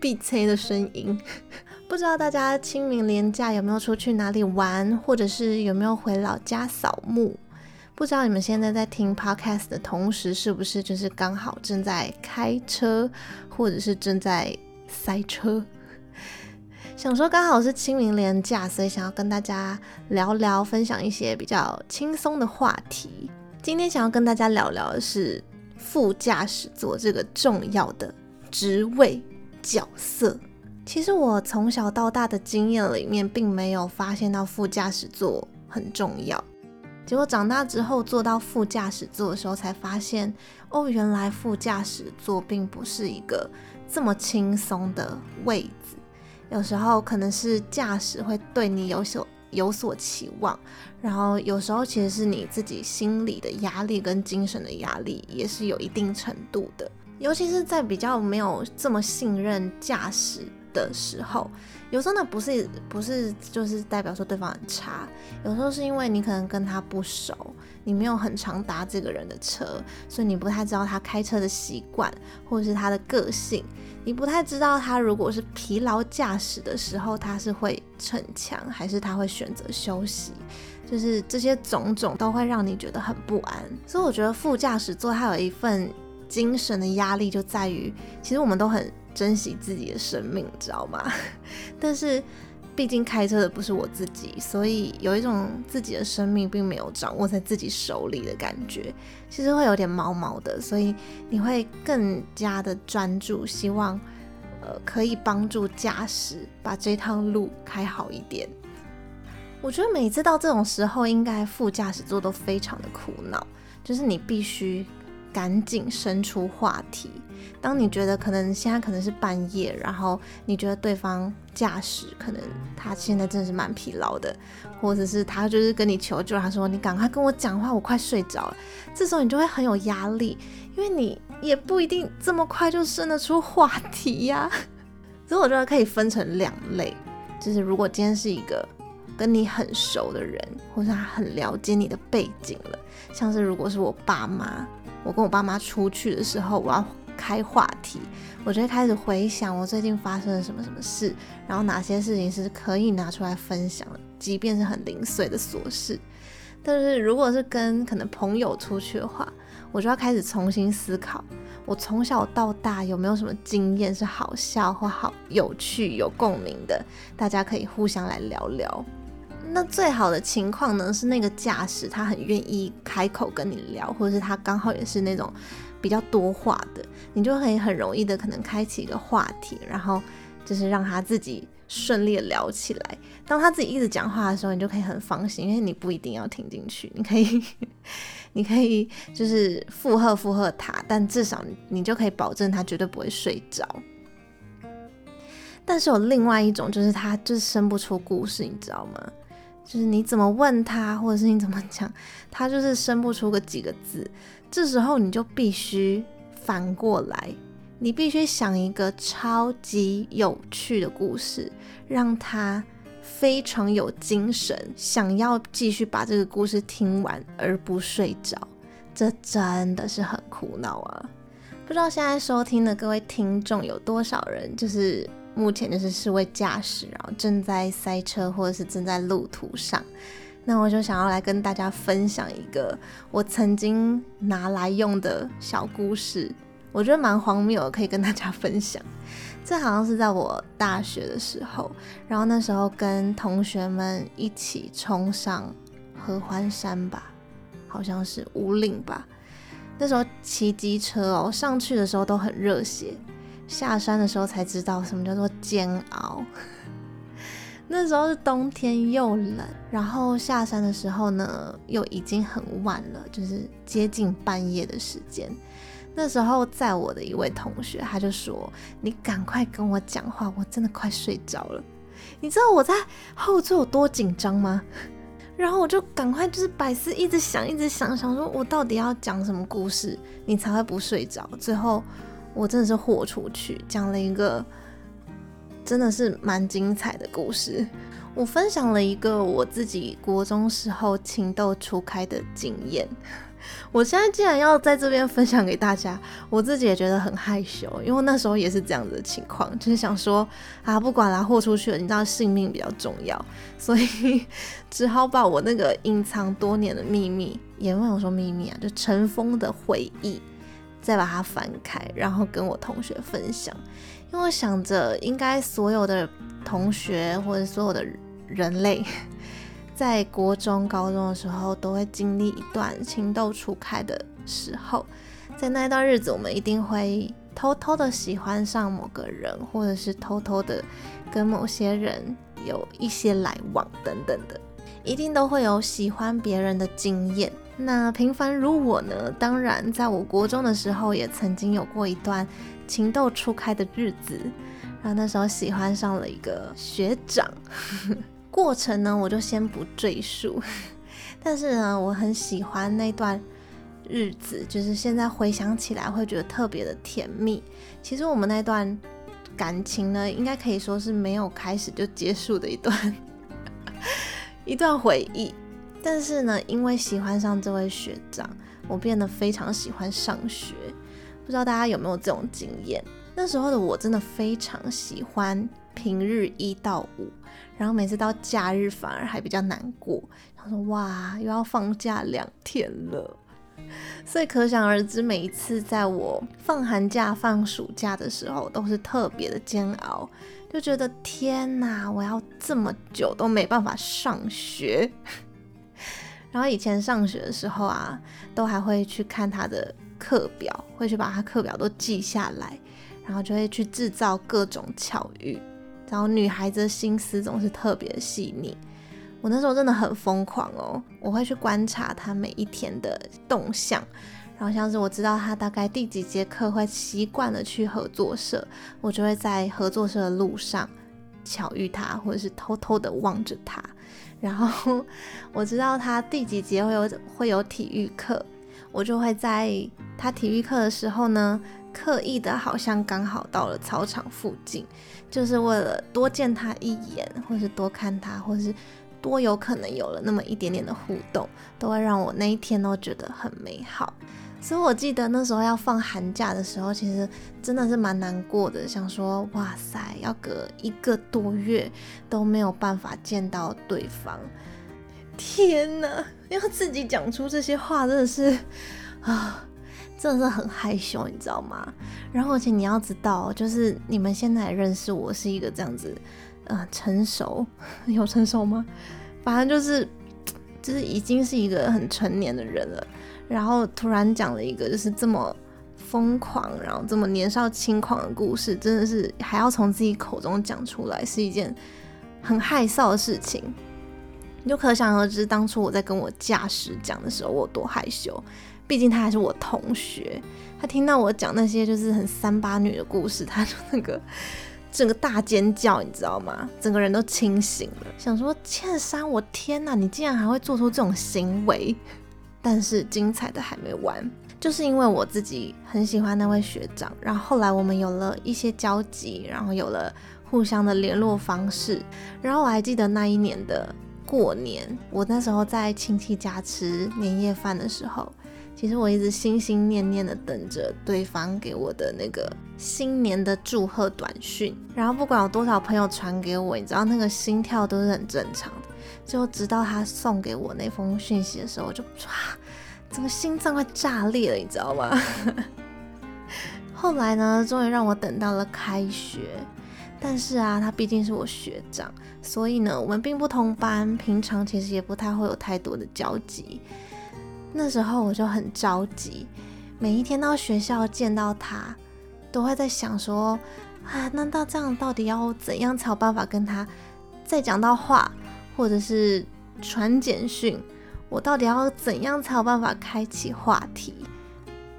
必吹的聲音，不知道大家清明連假有沒有出去哪裡玩，或者是有沒有回老家掃墓？不知道你們現在在聽 podcast 的同時，是不是就是剛好正在開車，或者是正在塞車？想說剛好是清明連假，所以想要跟大家聊聊，分享一些比較輕鬆的話題。今天想要跟大家聊聊的是副駕駛座這個重要的職位。角色，其實我從小到大的經驗裡面，並沒有發現到副駕駛座很重要。結果長大之後坐到副駕駛座的時候，才發現，哦，原來副駕駛座並不是一個這麼輕鬆的位置。有時候可能是駕駛會對你有所有所期望，然後有時候其實是你自己心理的壓力跟精神的壓力，也是有一定程度的。尤其是在比較沒有這麼信任駕駛的時候，有時候呢，不是不是就是代表說對方很差，有時候是因為你可能跟他不熟，你沒有很常搭這個人的車，所以你不太知道他開車的習慣或者是他的個性，你不太知道他如果是疲勞駕駛的時候，他是會逞強還是他會選擇休息，就是這些種種都會讓你覺得很不安，所以我覺得副駕駛座它有一份。精神的壓力就在於，其實我們都很珍惜自己的生命，知道嗎？但是畢竟開車的不是我自己，所以有一種自己的生命並沒有掌握在自己手裡的感覺，其實會有點毛毛的，所以你會更加的專注，希望呃可以幫助駕駛把這趟路開好一點。我覺得每次到這種時候，應該副駕駛座都非常的苦惱，就是你必須。趕緊生出話題。當你覺得可能現在可能是半夜，然後你覺得對方駕駛可能他現在真的是蠻疲勞的，或者是他就是跟你求助，他說你趕快跟我講話，我快睡着了。這時候你就會很有壓力，因為你也不一定這麼快就生得出話題呀、啊。 所以我覺得可以分成兩類，就是如果今天是一個跟你很熟的人，或者他很了解你的背景了，像是如果是我爸媽。我跟我爸媽出去的時候，我要開話題，我就會開始回想我最近發生了什麼什麼事，然後哪些事情是可以拿出來分享的，即便是很零碎的瑣事。但是如果是跟可能朋友出去的話，我就要開始重新思考，我從小到大有沒有什麼經驗是好笑或好有趣、有共鳴的，大家可以互相來聊聊。那最好的情況呢，是那個駕駛他很願意開口跟你聊，或者是他剛好也是那種比較多話的，你就可以很容易的可能開啟一個話題，然後就是讓他自己順利的聊起來。當他自己一直講話的時候，你就可以很放心，因為你不一定要聽進去，你可以， 你可以就是附和附和他，但至少你你就可以保證他絕對不會睡着。但是有另外一種，就是他就是生不出故事，你知道嗎？就是你怎麼問他，或者是你怎麼講，他就是生不出個幾個字。這時候你就必須反過來，你必須想一個超級有趣的故事，讓他非常有精神，想要繼續把這個故事聽完而不睡着。這真的是很苦惱啊！不知道現在收聽的各位聽眾有多少人，就是。目前就是副駕駛，然後正在塞車，或者是正在路途上。那我就想要來跟大家分享一個我曾經拿來用的小故事，我覺得蠻荒謬的，可以跟大家分享。這好像是在我大學的時候，然後那時候跟同學們一起衝上合歡山吧，好像是武嶺吧。那時候騎機車哦、喔，上去的時候都很熱血。下山的時候才知道什麼叫做煎熬。 那時候是冬天又冷，然後下山的時候呢又已經很晚了，就是接近半夜的時間。那時候載我的一位同學他就說：“你趕快跟我講話，我真的快睡着了。”你知道我在後座有多緊張嗎？ 然後我就趕快就是百思一直想，一直想想說，我到底要講什麼故事，你才會不睡着？最後。我真的是豁出去，講了一個真的是蠻精彩的故事。我分享了一個我自己國中時候情竇初開的經驗。我現在既然要在這邊分享給大家，我自己也覺得很害羞，因為那時候也是這樣子的情況，就是想說啊，不管了啊，豁出去了，你知道性命比較重要，所以只好把我那個隱藏多年的秘密，也沒有說秘密啊，就塵封的回憶。再把它翻開，然後跟我同學分享，因為我想着應該所有的同學或者所有的人類，在國中、高中的時候都會經歷一段情竇初開的時候，在那一段日子，我們一定會偷偷的喜歡上某個人，或者是偷偷的跟某些人有一些來往，等等的。一定都會有喜歡別人的經驗。那平凡如我呢？當然，在我國中的時候也曾經有過一段情竇初開的日子。然後那時候喜歡上了一個學長， 過程呢我就先不贅述。但是呢，我很喜歡那段日子，就是現在回想起來會覺得特別的甜蜜。其實我們那段感情呢，應該可以說是沒有開始就結束的一段。一段回憶，但是呢，因為喜歡上這位學長，我變得非常喜歡上學。不知道大家有沒有這種經驗？那時候的我真的非常喜歡平日一到五，然後每次到假日反而還比較難過。然後說哇，又要放假兩天了，所以可想而知，每一次在我放寒假、放暑假的時候，都是特別的煎熬。就覺得天哪！我要這麼久都沒辦法上學。 然後以前上學的時候啊，都還會去看他的課表，會去把他課表都記下來，然後就會去製造各種巧遇。然後女孩子的心思總是特別細膩，我那時候真的很瘋狂哦，我會去觀察他每一天的動向。然後像是我知道他大概第幾節課會習慣的去合作社，我就會在合作社的路上巧遇他，或者是偷偷的望着他。然後我知道他第幾節會有會有體育課，我就會在他體育課的時候呢，刻意的好像剛好到了操場附近，就是為了多見他一眼，或是多看他，或是多有可能有了那麼一點點的互動，都會讓我那一天都覺得很美好。所以我記得那時候要放寒假的時候，其實真的是蠻難過的。想說，哇塞，要隔一個多月都沒有辦法見到對方，天哪！要自己講出這些話，真的是啊，真的是很害羞，你知道嗎？然後，而且你要知道，就是你們現在認識我是一個這樣子，呃，成熟，有成熟嗎？反正就是。就是已經是一個很成年的人了，然後突然講了一個就是這麼瘋狂，然後這麼年少輕狂的故事，真的是還要從自己口中講出來，是一件很害臊的事情。你就可想而知，當初我在跟我駕駛講的時候，我多害羞。畢竟他還是我同學，他聽到我講那些就是很三八女的故事，他說那個。整個大尖叫，你知道嗎？整個人都清醒了，想說茜珊，我天哪，你竟然還會做出這種行為！但是精彩的還沒完，就是因為我自己很喜歡那位學長，然後後來我們有了一些交集，然後有了互相的聯絡方式，然後我還記得那一年的過年，我那時候在親戚家吃年夜飯的時候。其實我一直心心念念的等着對方給我的那個新年的祝賀短訊，然後不管有多少朋友傳給我，你知道那個心跳都是很正常的。最後直到他送給我那封訊息的時候，我就唰，整個心臟快炸裂了，你知道嗎？ 後來呢，終於讓我等到了開學，但是啊，他畢竟是我學長，所以呢，我們並不同班，平常其實也不太會有太多的交集。那時候我就很着急，每一天到學校見到他，都會在想說，啊，難道這樣到底要怎樣才有辦法跟他再講到話，或者是傳簡訊？我到底要怎樣才有辦法開啟話題，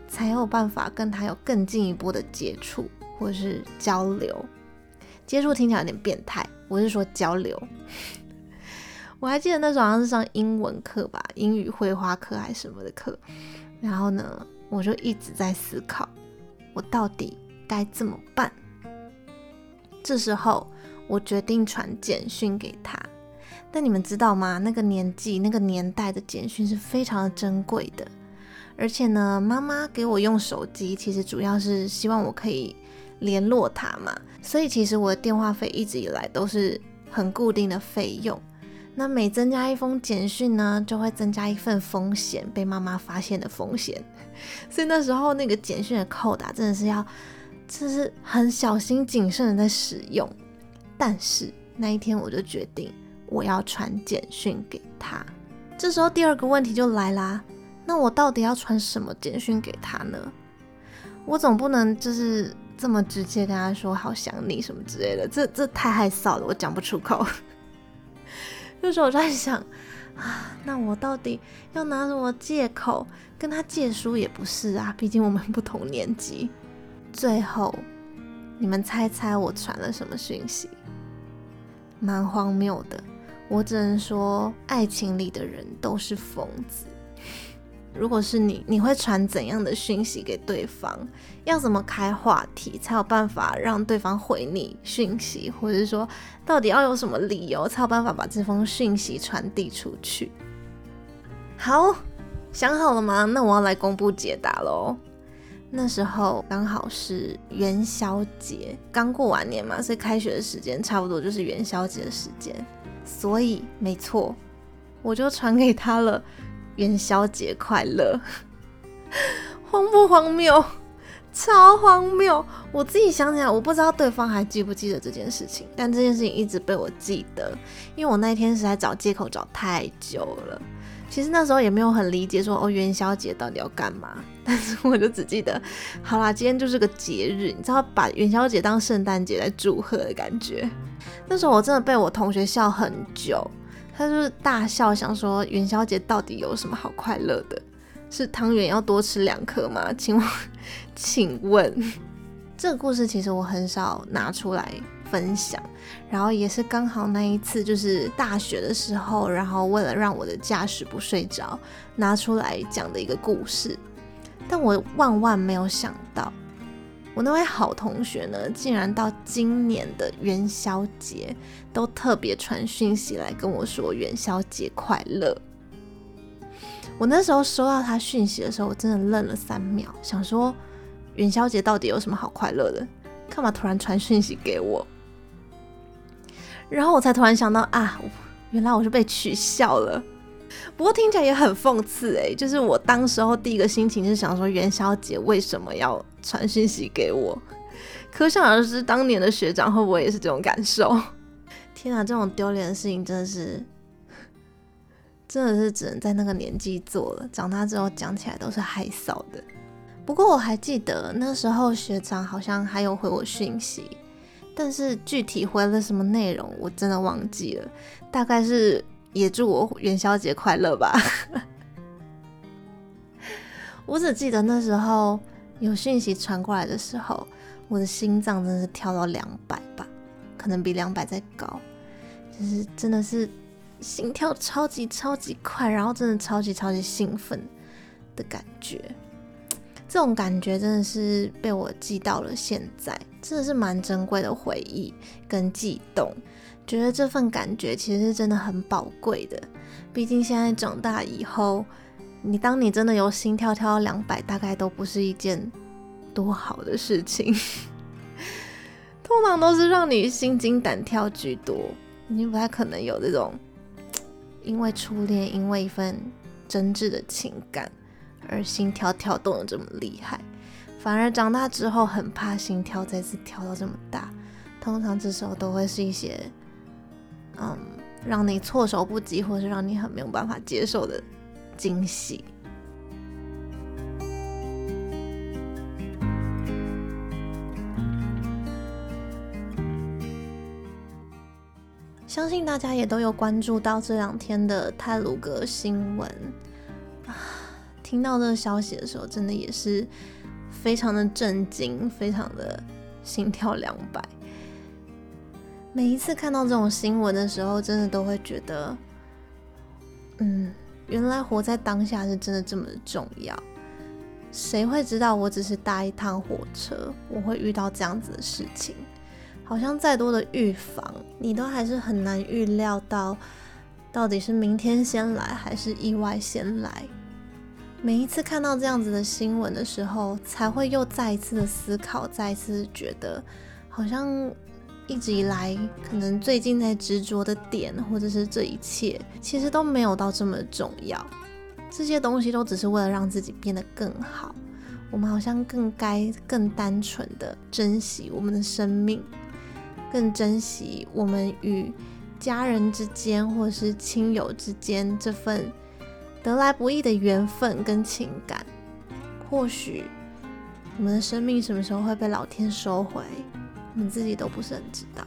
才有辦法跟他有更進一步的接觸或者是交流？接觸聽起來有點變態，我是說交流。我還記得那時候好像是上英文課吧，英語會話課還是什麼的課。然後呢，我就一直在思考，我到底該怎麼辦。這時候我決定傳簡訊給他。但你們知道嗎？那個年紀、那個年代的簡訊是非常的珍貴的。而且呢，媽媽給我用手機，其實主要是希望我可以聯絡她嘛。所以其實我的電話費一直以來都是很固定的費用。那每增加一封簡訊呢，就會增加一份風險，被媽媽發現的風險。所以那時候那個簡訊的扣打啊，真的是要，就是很小心謹慎的在使用。但是那一天我就決定我要傳簡訊給他。這時候第二個問題就來啦，那我到底要傳什麼簡訊給他呢？我總不能就是這麼直接跟他說好想你什麼之類的，這這太害臊了，我講不出口。有時候我在想啊，那我到底要拿什麼借口跟他借書？也不是啊，畢竟我們不同年紀。最後，你們猜猜我傳了什麼訊息？蠻荒謬的，我只能說，愛情裡的人都是瘋子。如果是你，你會傳怎樣的訊息給對方？要怎麼開話題才有辦法讓對方回你訊息，或者說到底要有什麼理由才有辦法把這封訊息傳遞出去？好，想好了嗎？那我要來公布解答嘍。那時候剛好是元宵節，剛過完年嘛，所以開學的時間差不多就是元宵節的時間。所以沒錯，我就傳給他了。元宵節快樂，荒不荒謬？超荒謬！我自己想起來，我不知道對方還記不記得這件事情，但這件事情一直被我記得，因為我那天實在找借口找太久了。其實那時候也沒有很理解說，說哦元宵節到底要幹嘛？但是我就只記得，好啦，今天就是個節日，你知道把元宵節當聖誕節來祝賀的感覺。那時候我真的被我同學笑很久。他就是大笑，想說元宵節到底有什麼好快樂的？是湯圓要多吃兩顆嗎？請問，請問這個故事其實我很少拿出來分享，然後也是剛好那一次就是大學的時候，然後為了讓我的駕駛不睡着拿出來講的一個故事，但我萬萬沒有想到。我那位好同學呢，竟然到今年的元宵節都特別傳訊息來跟我說元宵節快樂。我那時候收到他訊息的時候，我真的愣了三秒，想說元宵節到底有什麼好快樂的？幹嘛突然傳訊息給我？然後我才突然想到啊，原來我是被取笑了。不過聽起來也很諷刺誒、欸，就是我當時候第一個心情是想說元宵節為什麼要傳訊息給我？可想而知，當年的學長會不會也是這種感受？天啊，這種丟臉的事情真的是，真的是只能在那個年紀做了。長大之後講起來都是害臊的。不過我還記得那時候學長好像還有回我訊息，但是具體回了什麼內容我真的忘記了，大概是。也祝我元宵節快樂吧！ 我只記得那時候有訊息傳過來的時候，我的心臟真的是跳到兩百吧，可能比兩百再高，就是真的是心跳超級超級快，然後真的超級超級興奮的感覺，這種感覺真的是被我記到了現在，真的是蠻珍貴的回憶跟悸動。覺得這份感覺其實真的很寶貴的，畢竟現在長大以後，你當你真的有心跳跳到兩百，大概都不是一件多好的事情， 通常都是讓你心驚膽跳居多，你不太可能有這種因為初戀，因為一份真摯的情感而心跳跳動的這麼厲害，反而長大之後很怕心跳再次跳到這麼大，通常這時候都會是一些。嗯，讓你措手不及，或是讓你很沒有辦法接受的驚喜。相信大家也都有關注到這兩天的太魯閣新聞啊，聽到這個消息的時候，真的也是非常的震驚，非常的心跳兩百。每一次看到這種新聞的時候，真的都會覺得，嗯，原來活在當下是真的這麼的重要。誰會知道我只是搭一趟火車，我會遇到這樣子的事情？好像再多的預防，你都還是很難預料到，到底是明天先來，還是意外先來？每一次看到這樣子的新聞的時候，才會又再一次的思考，再一次覺得好像。一直以來，可能最近在執着的點，或者是這一切，其實都沒有到這麼重要。這些東西都只是為了讓自己變得更好。我們好像更該更單純的珍惜我們的生命，更珍惜我們與家人之間，或是親友之間這份得來不易的緣分跟情感。或許我們的生命什麼時候會被老天收回？我們自己都不是很知道。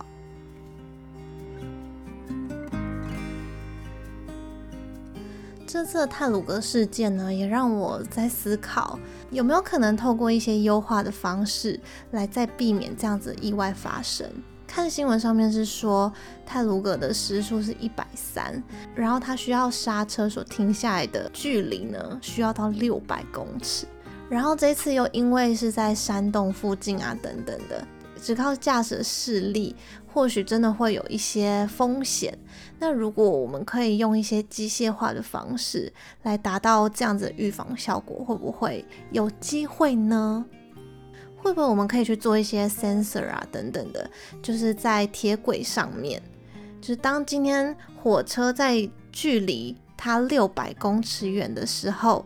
這次的太魯閣事件呢，也讓我在思考，有沒有可能透過一些優化的方式來再避免這樣子的意外發生？看新聞上面是說，太魯閣的時速是一百三，然後它需要剎車所停下來的距離呢，需要到六百公尺。然後這次又因為是在山洞附近啊，等等的。只靠駕駛的視力，或許真的會有一些風險。那如果我們可以用一些機械化的方式來達到這樣子的預防效果，會不會有機會呢？會不會我們可以去做一些 sensor 啊等等的，就是在鐵軌上面，就是當今天火車在距離它六百公尺遠的時候，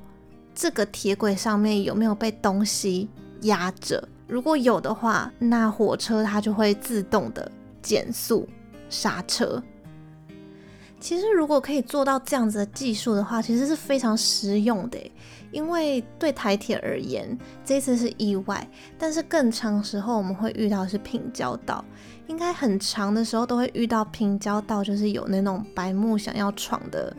這個鐵軌上面有沒有被東西壓着？如果有的話，那火車它就會自動的減速剎車。其實如果可以做到這樣子的技術的話，其實是非常實用的。因為對台鐵而言，這次是意外，但是更常時候我們會遇到的是平交道，應該很長的時候都會遇到平交道，就是有那種白目想要闖的。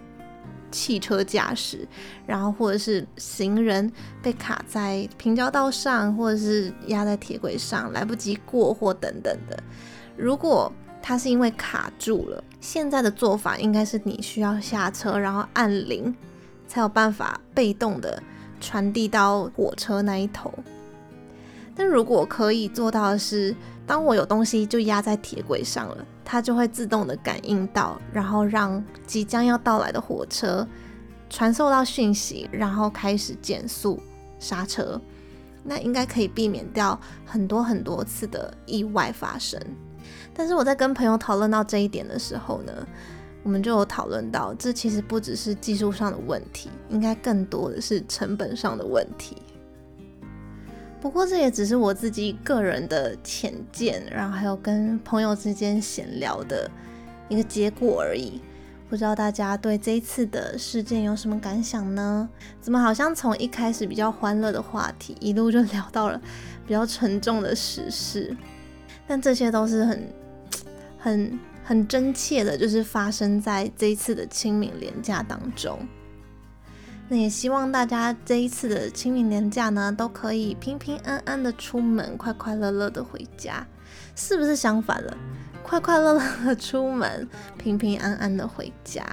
汽車駕駛，然後或者是行人被卡在平交道上，或者是壓在鐵軌上，來不及過或等等的。如果他是因為卡住了，現在的做法應該是你需要下車，然後按鈴，才有辦法被動的傳遞到火車那一頭。但如果可以做到的是，當我有東西就壓在鐵軌上了。它就會自動的感應到，然後讓即將要到來的火車傳送到訊息，然後開始減速剎車。那應該可以避免掉很多很多次的意外發生。但是我在跟朋友討論到這一點的時候呢，我們就有討論到，這其實不只是技術上的問題，應該更多的是成本上的問題。不過這也只是我自己個人的淺見，然後還有跟朋友之間閒聊的一個結果而已。不知道大家對這一次的事件有什麼感想呢？怎麼好像從一開始比較歡樂的話題，一路就聊到了比較沉重的時事？但這些都是很、很、很真切的，就是發生在這一次的清明連假當中。那也希望大家這一次的清明年假呢，都可以平平安安的出門，快快樂樂的回家。是不是相反了？快快樂樂的出門，平平安安的回家。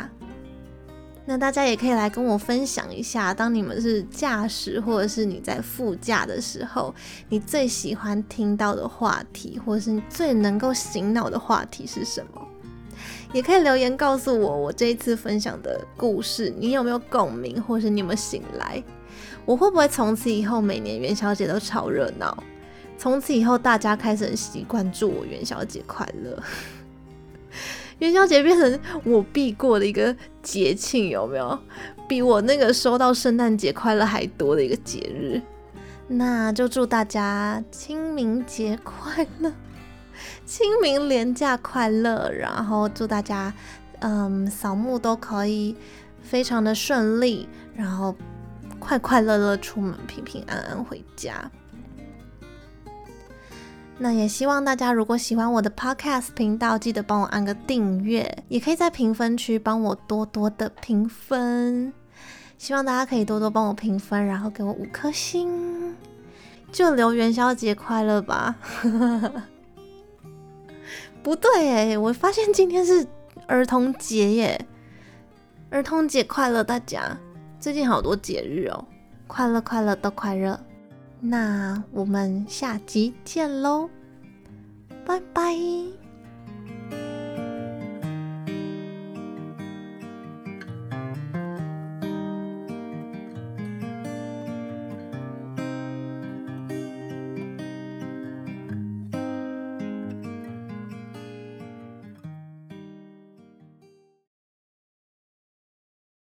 那大家也可以來跟我分享一下，當你們是駕駛或者是你在副駕的時候，你最喜歡聽到的話題，或者是你最能夠醒腦的話題是什麼？也可以留言告訴我，我這一次分享的故事，你有沒有共鳴，或是你有沒有醒來？我會不會從此以後每年元宵節都超熱鬧？從此以後大家開始很習慣祝我元宵節快樂， 元宵節變成我必過的一個節慶，有沒有？比我那個收到聖誕節快樂還多的一個節日？那就祝大家清明節快樂。清明連假快樂，然後祝大家，嗯，掃墓都可以非常的順利，然後快快樂樂出門，平平安安回家。那也希望大家如果喜歡我的 Podcast 頻道，記得幫我按個訂閱，也可以在評分區幫我多多的評分。希望大家可以多多幫我評分，然後給我五顆星，就留元宵節快樂吧。 不對耶，我發現今天是兒童節耶！兒童節快樂，大家！最近好多節日哦、喔，快樂快樂的快樂。那我們下集見嘍，拜拜！